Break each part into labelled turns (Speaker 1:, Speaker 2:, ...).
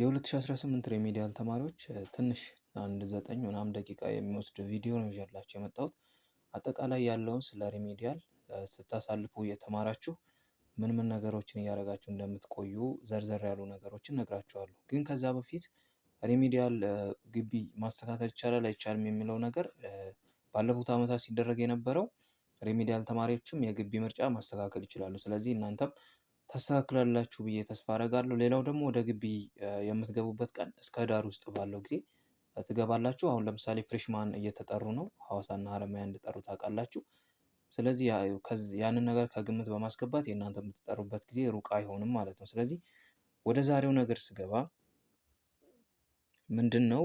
Speaker 1: የ2018 ሪሚዲያል ተማሪዎች ትንሽ አንድ ዘጠኝ ምናምን ደቂቃ የሚወስድ ቪዲዮ ነው ይዤላችሁ የመጣሁት። አጠቃላይ ያለውን ስለ ሪሚዲያል ስታሳልፉ እየተማራችሁ ምን ምን ነገሮችን እያደረጋችሁ እንደምትቆዩ ዘርዘር ያሉ ነገሮችን ነግራችኋለሁ። ግን ከዛ በፊት ሪሚዲያል ግቢ ማስተካከል ይቻላል አይቻልም የሚለው ነገር ባለፉት ዓመታት ሲደረግ የነበረው ሪሚዲያል ተማሪዎችም የግቢ ምርጫ ማስተካከል ይችላሉ። ስለዚህ እናንተም ታስተካክላላችሁ ብዬ ተስፋ አደርጋለሁ። ሌላው ደግሞ ወደ ግቢ የምትገቡበት ቀን እስከ ዳር ውስጥ ባለው ጊዜ ትገባላችሁ። አሁን ለምሳሌ ፍሬሽማን እየተጠሩ ነው፣ ሐዋሳና ሀረማያ እንደጠሩ ታውቃላችሁ። ስለዚህ ያንን ነገር ከግምት በማስገባት የእናንተ የምትጠሩበት ጊዜ ሩቅ አይሆንም ማለት ነው። ስለዚህ ወደ ዛሬው ነገር ስገባ ምንድን ነው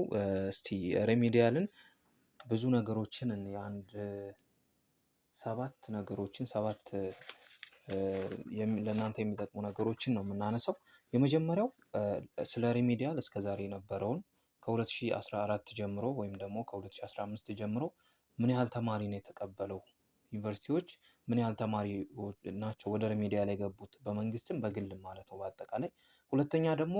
Speaker 1: እስቲ ሬሜዲያልን ብዙ ነገሮችን አንድ ሰባት ነገሮችን ሰባት ለእናንተ የሚጠቅሙ ነገሮችን ነው የምናነሳው። የመጀመሪያው ስለ ሪሚዲያል እስከዛሬ የነበረውን ከ2014 ጀምሮ ወይም ደግሞ ከ2015 ጀምሮ ምን ያህል ተማሪ ነው የተቀበለው፣ ዩኒቨርሲቲዎች ምን ያህል ተማሪ ናቸው ወደ ሪሚዲያል የገቡት፣ በመንግስትም በግልም ማለት ነው በአጠቃላይ። ሁለተኛ ደግሞ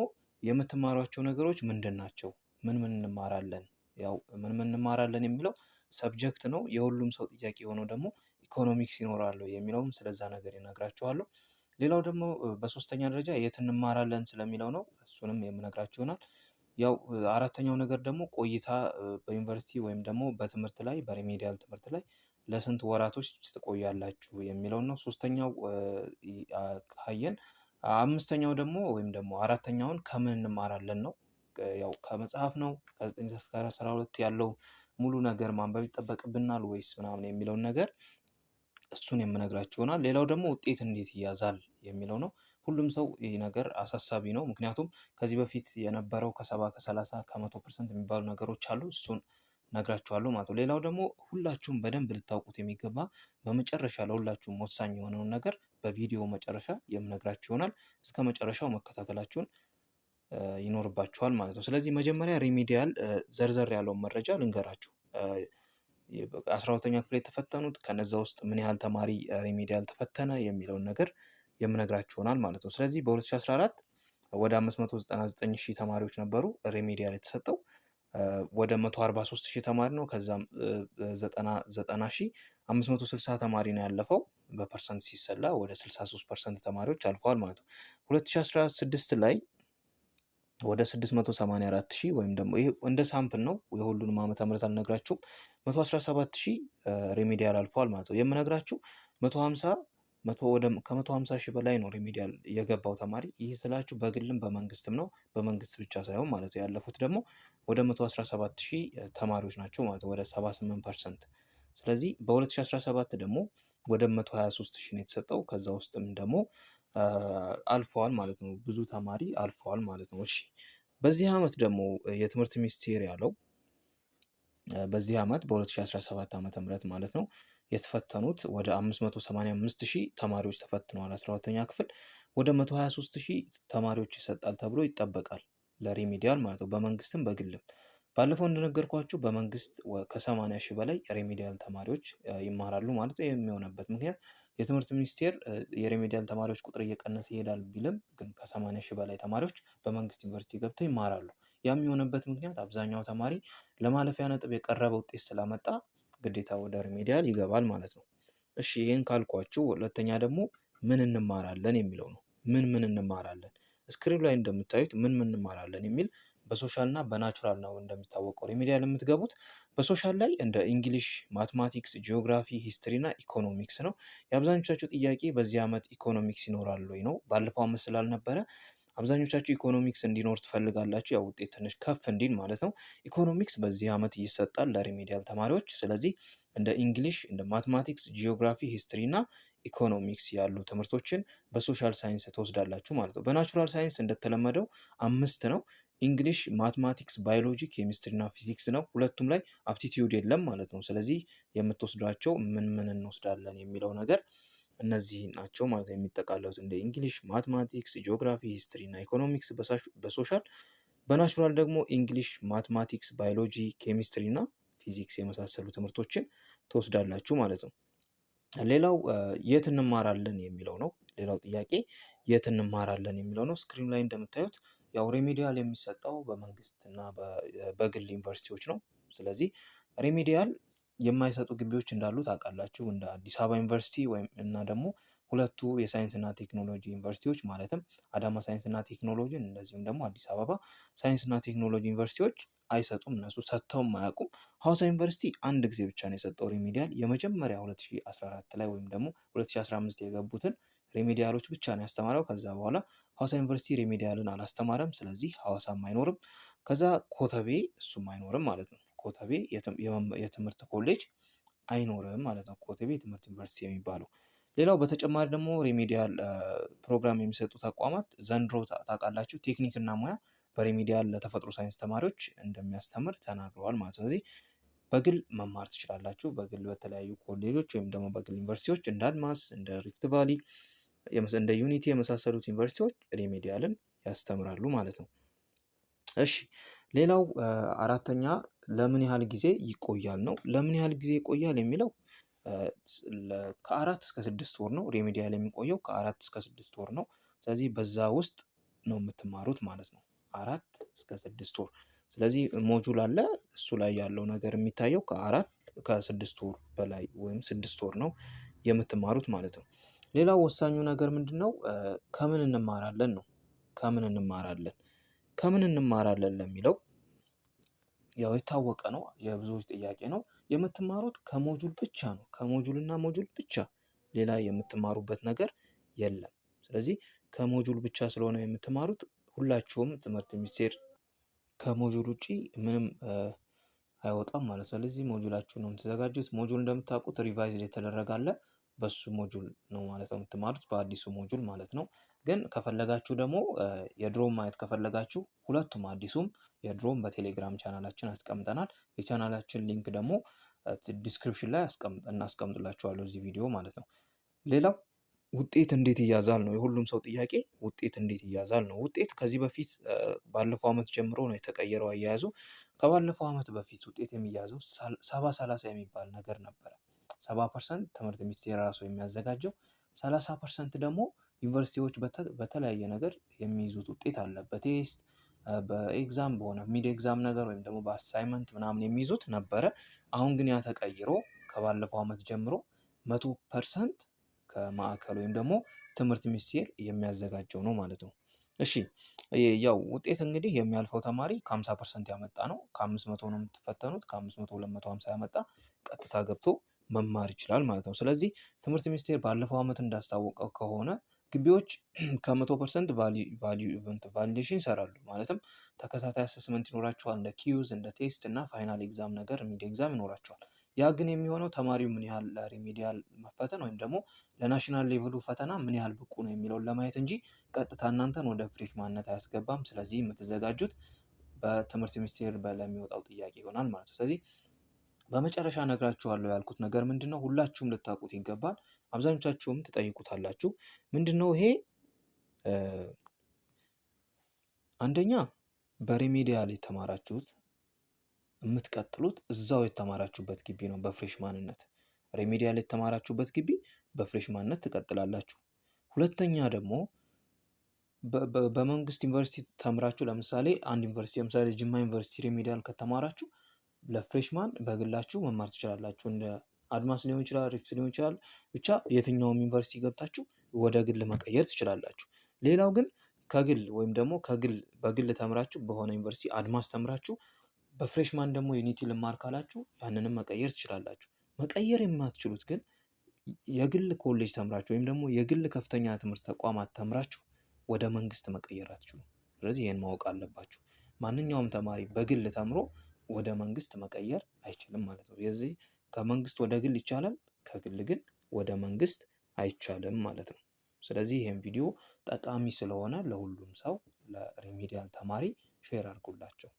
Speaker 1: የምትማሯቸው ነገሮች ምንድን ናቸው፣ ምን ምን እንማራለን ያው ምን ምን እንማራለን የሚለው ሰብጀክት ነው የሁሉም ሰው ጥያቄ የሆነው ደግሞ ኢኮኖሚክስ ይኖራሉ የሚለውም ስለዛ ነገር ይነግራችኋለሁ። ሌላው ደግሞ በሶስተኛ ደረጃ የት እንማራለን ስለሚለው ነው እሱንም የምነግራችሁ ይሆናል። ያው አራተኛው ነገር ደግሞ ቆይታ በዩኒቨርሲቲ ወይም ደግሞ በትምህርት ላይ በሪሜዲያል ትምህርት ላይ ለስንት ወራቶች ትቆያላችሁ የሚለው ነው። ሶስተኛው ካየን አምስተኛው ደግሞ ወይም ደግሞ አራተኛውን ከምን እንማራለን ነው። ያው ከመጽሐፍ ነው ከዘጠኝ እስከ አስራ ሁለት ያለው ሙሉ ነገር ማንበብ ይጠበቅብናል ወይስ ምናምን የሚለውን ነገር እሱን የምነግራችሁ ይሆናል። ሌላው ደግሞ ውጤት እንዴት ይያዛል የሚለው ነው። ሁሉም ሰው ይህ ነገር አሳሳቢ ነው። ምክንያቱም ከዚህ በፊት የነበረው ከሰባ ከሰላሳ ከመቶ ፐርሰንት የሚባሉ ነገሮች አሉ። እሱን ነግራችኋለሁ ማለት ነው። ሌላው ደግሞ ሁላችሁም በደንብ ልታውቁት የሚገባ በመጨረሻ ለሁላችሁም ወሳኝ የሆነውን ነገር በቪዲዮ መጨረሻ የምነግራችሁ ይሆናል። እስከ መጨረሻው መከታተላችሁን ይኖርባችኋል ማለት ነው። ስለዚህ መጀመሪያ ሪሚዲያል ዘርዘር ያለውን መረጃ ልንገራችሁ። አስራ ሁለተኛ ክፍል የተፈተኑት ከነዛ ውስጥ ምን ያህል ተማሪ ሪሜዲያል ተፈተነ የሚለውን ነገር የምነግራችሁ ይሆናል ማለት ነው። ስለዚህ በ2014 ወደ 599 ሺህ ተማሪዎች ነበሩ ሪሜዲያል የተሰጠው ወደ 143 ሺህ ተማሪ ነው። ከዛም 90 ሺህ 560 ተማሪ ነው ያለፈው በፐርሰንት ሲሰላ ወደ 63 ፐርሰንት ተማሪዎች አልፈዋል ማለት ነው። 2016 ላይ ወደ 684 ሺህ ወይም ደግሞ ይሄ እንደ ሳምፕል ነው። የሁሉንም ዓመተ ምህረት አልነግራችሁም። 117 ሺህ ሪሚዲያል አልፏል ማለት ነው የምነግራችሁ 150 መቶ ወደ ከ150 ሺህ በላይ ነው ሪሚዲያል የገባው ተማሪ። ይህ ስላችሁ በግልም በመንግስትም ነው። በመንግስት ብቻ ሳይሆን ማለት ነው ያለፉት ደግሞ ወደ 117 ሺህ ተማሪዎች ናቸው ማለት ነው ወደ 78 ፐርሰንት። ስለዚህ በ2017 ደግሞ ወደ 123 ሺህ ነው የተሰጠው ከዛ ውስጥም ደግሞ አልፈዋል ማለት ነው። ብዙ ተማሪ አልፈዋል ማለት ነው። እሺ በዚህ ዓመት ደግሞ የትምህርት ሚኒስቴር ያለው በዚህ ዓመት በ2017 ዓ ም ማለት ነው የተፈተኑት ወደ 585 ሺህ ተማሪዎች ተፈትነዋል። 12ኛ ክፍል ወደ 123 ሺህ ተማሪዎች ይሰጣል ተብሎ ይጠበቃል ለሬሚዲያል ማለት ነው በመንግስትም በግልም። ባለፈው እንደነገርኳችሁ በመንግስት ከ80 ሺህ በላይ ሬሚዲያል ተማሪዎች ይማራሉ ማለት ነው። የሚሆነበት ምክንያት የትምህርት ሚኒስቴር የሬሜዲያል ተማሪዎች ቁጥር እየቀነሰ ይሄዳል ቢልም ግን ከሰማንያ ሺህ በላይ ተማሪዎች በመንግስት ዩኒቨርሲቲ ገብተው ይማራሉ። ያም የሆነበት ምክንያት አብዛኛው ተማሪ ለማለፊያ ነጥብ የቀረበ ውጤት ስላመጣ ግዴታ ወደ ሪሜዲያል ይገባል ማለት ነው። እሺ ይህን ካልኳችሁ፣ ሁለተኛ ደግሞ ምን እንማራለን የሚለው ነው። ምን ምን እንማራለን? ስክሪን ላይ እንደምታዩት ምን ምን እንማራለን የሚል በሶሻል እና በናቹራል ነው እንደሚታወቀው ሪሜዲያል የምትገቡት። በሶሻል ላይ እንደ እንግሊሽ፣ ማትማቲክስ፣ ጂኦግራፊ፣ ሂስትሪ እና ኢኮኖሚክስ ነው። የአብዛኞቻችሁ ጥያቄ በዚህ ዓመት ኢኮኖሚክስ ይኖራል ወይ ነው። ባለፈው ዓመት ስላልነበረ አብዛኞቻችሁ ኢኮኖሚክስ እንዲኖር ትፈልጋላችሁ። ያው ውጤት ትንሽ ከፍ እንዲል ማለት ነው። ኢኮኖሚክስ በዚህ ዓመት ይሰጣል ለሪሜዲያል ተማሪዎች። ስለዚህ እንደ እንግሊሽ፣ እንደ ማትማቲክስ፣ ጂኦግራፊ፣ ሂስትሪ እና ኢኮኖሚክስ ያሉ ትምህርቶችን በሶሻል ሳይንስ ትወስዳላችሁ ማለት ነው። በናቹራል ሳይንስ እንደተለመደው አምስት ነው። ኢንግሊሽ ማትማቲክስ፣ ባዮሎጂ፣ ኬሚስትሪ እና ፊዚክስ ነው። ሁለቱም ላይ አፕቲቲዩድ የለም ማለት ነው። ስለዚህ የምትወስዷቸው ምን ምን እንወስዳለን የሚለው ነገር እነዚህ ናቸው ማለት ነው የሚጠቃለሉት እንደ እንግሊሽ፣ ማትማቲክስ፣ ጂኦግራፊ፣ ሂስትሪ እና ኢኮኖሚክስ በሶሻል በናቹራል ደግሞ ኢንግሊሽ ማትማቲክስ፣ ባዮሎጂ፣ ኬሚስትሪ እና ፊዚክስ የመሳሰሉ ትምህርቶችን ትወስዳላችሁ ማለት ነው። ሌላው የት እንማራለን የሚለው ነው። ሌላው ጥያቄ የት እንማራለን የሚለው ነው። ስክሪን ላይ እንደምታዩት ያው ሬሜዲያል የሚሰጠው በመንግስት እና በግል ዩኒቨርሲቲዎች ነው። ስለዚህ ሬሜዲያል የማይሰጡ ግቢዎች እንዳሉ ታውቃላችሁ እንደ አዲስ አበባ ዩኒቨርሲቲ ወይም እና ደግሞ ሁለቱ የሳይንስ እና ቴክኖሎጂ ዩኒቨርሲቲዎች ማለትም አዳማ ሳይንስ እና ቴክኖሎጂን እንደዚሁም ደግሞ አዲስ አበባ ሳይንስ እና ቴክኖሎጂ ዩኒቨርሲቲዎች አይሰጡም። እነሱ ሰጥተውም አያውቁም። ሐዋሳ ዩኒቨርሲቲ አንድ ጊዜ ብቻ ነው የሰጠው ሪሚዲያል የመጀመሪያ 2014 ላይ ወይም ደግሞ 2015 የገቡትን ሪሜዲያሎች ብቻ ነው ያስተማረው። ከዛ በኋላ ሐዋሳ ዩኒቨርሲቲ ሪሜዲያልን አላስተማረም። ስለዚህ ሐዋሳም አይኖርም። ከዛ ኮተቤ እሱም አይኖርም ማለት ነው። ኮተቤ የትምህርት ኮሌጅ አይኖርም ማለት ነው። ኮተቤ የትምህርት ዩኒቨርሲቲ የሚባለው ሌላው በተጨማሪ ደግሞ ሪሜዲያል ፕሮግራም የሚሰጡ ተቋማት ዘንድሮ ታውቃላችሁ ቴክኒክና ሙያ በሪሜዲያል ለተፈጥሮ ሳይንስ ተማሪዎች እንደሚያስተምር ተናግረዋል ማለት ነው። ስለዚህ በግል መማር ትችላላችሁ። በግል በተለያዩ ኮሌጆች ወይም ደግሞ በግል ዩኒቨርሲቲዎች እንደ አድማስ እንደ ሪፍት ቫሊ እንደ ዩኒቲ የመሳሰሉት ዩኒቨርሲቲዎች ሪሜዲያልን ያስተምራሉ ማለት ነው። እሺ ሌላው አራተኛ ለምን ያህል ጊዜ ይቆያል ነው። ለምን ያህል ጊዜ ይቆያል የሚለው ከአራት እስከ ስድስት ወር ነው። ሪሜዲያል የሚቆየው ከአራት እስከ ስድስት ወር ነው። ስለዚህ በዛ ውስጥ ነው የምትማሩት ማለት ነው። አራት እስከ ስድስት ወር። ስለዚህ ሞጁል አለ እሱ ላይ ያለው ነገር የሚታየው ከአራት ከስድስት ወር በላይ ወይም ስድስት ወር ነው የምትማሩት ማለት ነው። ሌላው ወሳኙ ነገር ምንድነው? ከምን እንማራለን ነው። ከምን እንማራለን ከምን እንማራለን ለሚለው ያው የታወቀ ነው የብዙዎች ጥያቄ ነው። የምትማሩት ከሞጁል ብቻ ነው ከሞጁል እና ሞጁል ብቻ ሌላ የምትማሩበት ነገር የለም። ስለዚህ ከሞጁል ብቻ ስለሆነ የምትማሩት ሁላችሁም ትምህርት ሚኒስቴር ከሞጁል ውጪ ምንም አይወጣም ማለት ነው። ስለዚህ ሞጁላችሁ ነው የምትዘጋጁት ሞጁል እንደምታውቁት ሪቫይዝ የተደረገ አለ በሱ ሞጁል ነው ማለት ነው የምትማሩት በአዲሱ ሞጁል ማለት ነው። ግን ከፈለጋችሁ ደግሞ የድሮም ማየት ከፈለጋችሁ ሁለቱም አዲሱም የድሮም በቴሌግራም ቻናላችን አስቀምጠናል። የቻናላችን ሊንክ ደግሞ ዲስክሪፕሽን ላይ እናስቀምጥላችኋለሁ እዚህ ቪዲዮ ማለት ነው። ሌላው ውጤት እንዴት ይያዛል ነው የሁሉም ሰው ጥያቄ። ውጤት እንዴት ይያዛል ነው። ውጤት ከዚህ በፊት ባለፈው ዓመት ጀምሮ ነው የተቀየረው አያያዙ። ከባለፈው ዓመት በፊት ውጤት የሚያዘው ሰባ ሰላሳ የሚባል ነገር ነበረ። ሰባ ፐርሰንት ትምህርት ሚኒስቴር ራሱ የሚያዘጋጀው፣ ሰላሳ ፐርሰንት ደግሞ ዩኒቨርሲቲዎች በተለያየ ነገር የሚይዙት ውጤት አለ። በቴስት በኤግዛም በሆነ ሚድ ኤግዛም ነገር ወይም ደግሞ በአሳይመንት ምናምን የሚይዙት ነበረ። አሁን ግን ያ ተቀይሮ ከባለፈው ዓመት ጀምሮ መቶ ፐርሰንት ከማዕከል ወይም ደግሞ ትምህርት ሚኒስቴር የሚያዘጋጀው ነው ማለት ነው። እሺ ያው ውጤት እንግዲህ የሚያልፈው ተማሪ ከ50 ፐርሰንት ያመጣ ነው ከ500 ነው የምትፈተኑት። ከ500 250 ያመጣ ቀጥታ ገብቶ መማር ይችላል ማለት ነው። ስለዚህ ትምህርት ሚኒስቴር ባለፈው ዓመት እንዳስታወቀው ከሆነ ግቢዎች ከመቶ ፐርሰንት ቫሊዴሽን ይሰራሉ። ማለትም ተከታታይ አሰስመንት ይኖራቸዋል። እንደ ኪዩዝ፣ እንደ ቴስት እና ፋይናል ኤግዛም ነገር ሚድ ኤግዛም ይኖራቸዋል። ያ ግን የሚሆነው ተማሪው ምን ያህል ሪሜዲያል መፈተን ወይም ደግሞ ለናሽናል ሌቭሉ ፈተና ምን ያህል ብቁ ነው የሚለውን ለማየት እንጂ ቀጥታ እናንተን ወደ ፍሬሽ ማንነት አያስገባም። ስለዚህ የምትዘጋጁት በትምህርት ሚኒስቴር ለሚወጣው ጥያቄ ይሆናል ማለት ነው። ስለዚህ በመጨረሻ ነግራችኋለሁ ያልኩት ነገር ምንድነው? ሁላችሁም ልታውቁት ይገባል። አብዛኞቻችሁም ትጠይቁታላችሁ። ምንድነው ይሄ? አንደኛ በሪሜዲያል የተማራችሁት የምትቀጥሉት እዛው የተማራችሁበት ግቢ ነው። በፍሬሽ ማንነት ሪሜዲያል የተማራችሁበት ግቢ በፍሬሽ ማንነት ትቀጥላላችሁ። ሁለተኛ ደግሞ በመንግስት ዩኒቨርሲቲ ተምራችሁ ለምሳሌ አንድ ዩኒቨርሲቲ ለምሳሌ ጅማ ዩኒቨርሲቲ ሪሜዲያል ከተማራችሁ ለፍሬሽማን በግላችሁ መማር ትችላላችሁ። እንደ አድማስ ሊሆን ይችላል፣ ሪፍት ሊሆን ይችላል። ብቻ የትኛውም ዩኒቨርሲቲ ገብታችሁ ወደ ግል መቀየር ትችላላችሁ። ሌላው ግን ከግል ወይም ደግሞ ከግል በግል ተምራችሁ በሆነ ዩኒቨርሲቲ አድማስ ተምራችሁ በፍሬሽማን ደግሞ ዩኒቲ ልማር ካላችሁ ያንንም መቀየር ትችላላችሁ። መቀየር የማትችሉት ግን የግል ኮሌጅ ተምራችሁ ወይም ደግሞ የግል ከፍተኛ ትምህርት ተቋማት ተምራችሁ ወደ መንግስት መቀየር አትችሉም። ስለዚህ ይህን ማወቅ አለባችሁ። ማንኛውም ተማሪ በግል ተምሮ ወደ መንግስት መቀየር አይችልም ማለት ነው። የዚህ ከመንግስት ወደ ግል ይቻላል፣ ከግል ግን ወደ መንግስት አይቻልም ማለት ነው። ስለዚህ ይህም ቪዲዮ ጠቃሚ ስለሆነ ለሁሉም ሰው ለሪሚዲያል ተማሪ ሼር አድርጉላቸው።